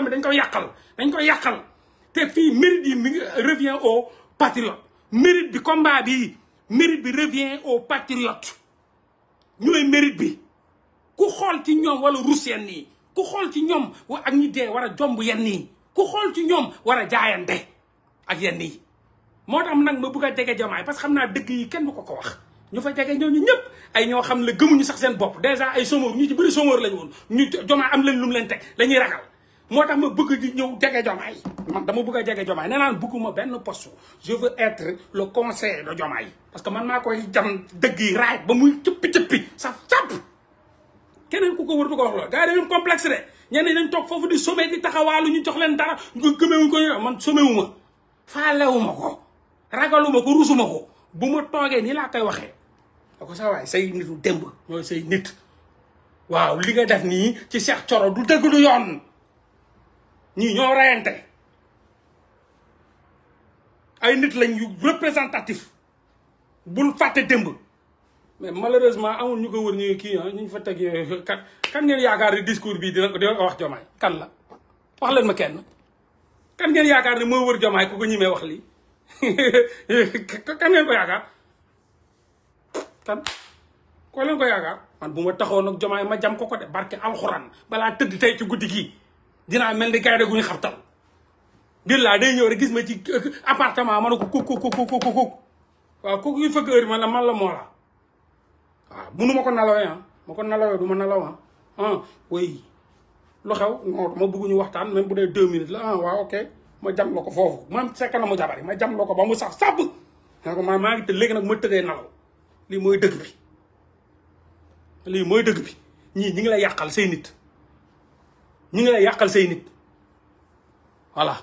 problème dañ ko yàqal dañ ko yàqal te fii mérite yi mi revient au patriote mérite bi combat bi mérite bi revient au patriote ñooy mérite bi ku xool ci ñoom wala rus yenn yi ku xool ci ñoom ak ñi dee war a jomb yenn yi ku xool ci ñoom war a jaayante ak yenn yi moo tax nag ma bëgg a jege jamaay parce que xam naa dëgg yi kenn du ko ko wax ñu fa jege ñooñu ñëpp ay ñoo xam ne gëmuñu sax seen bopp dèjà ay somoor ñu ci bëri somoor lañ woon ñu jomaa am lañ lu mu leen teg dañuy ragal moo tax ma bëgg di ñëw jege jomaay man dama bëgg a jege jomaay nee naan bëgguma benn poste je veux être le conseiller de jomaay parce que man maa koy jam dëgg yi raay ba muy cëppi cëppi saf sap keneen ku ko wër ko wax loolu gars yi dañu complexe de ñenn dañ toog foofu di sommet di taxawaalu ñu jox leen dara nga gëmewuñ ko man sommet wu ma faalewuma ko ragaluma ko rusuma ko bu ma toogee nii laa koy waxee da ah, ko sa waay say nitu démb ñooy say nit waaw li nga def nii ci Cheikh Thioro du dëgg du ñii ñoo reyante ay nit lañ yu représentatif bul fàtte démb mais malheureusement amul ñu ko wër ñu kii ñu ah, ñu fa teg yooyu kan kan ngeen yaakaar ni discours bii dina ko dina ko wax jomaay kan la wax leen ma kenn kan ngeen yaakaar ne moo wër jomaay ko ko ñimee wax lii kan ngeen ko yaakaar kan ko leen ko yaakaar man bu ma taxoon ak jomaay ma jam ko ko de barke alxuraan balaa tëdd tey ci guddi gii dinaa mel ni gaynde guñu xabtal billaa day ñëw rek gis ma ci appartement ma ne ko kuk kuk kuk kuk waaw kooku yu fëgg heure bi man moo ma ko nalawee ah ma ko nalawee du ma nalaw ah ah oui lu xew non ma bëgg ñu waxtaan même bu dee deux minutes la ah waaw ok ma jam la ko foofu man fekk na mu jabari ma jam la ko ba mu sax sàpp nga ko maa maa ngi te léegi nag ma tëddee nalaw lii mooy dëgg bi mooy dëgg bi ñii ñi ngi lay yàqal sey nit ñu ngi lay yàqal say nit voilà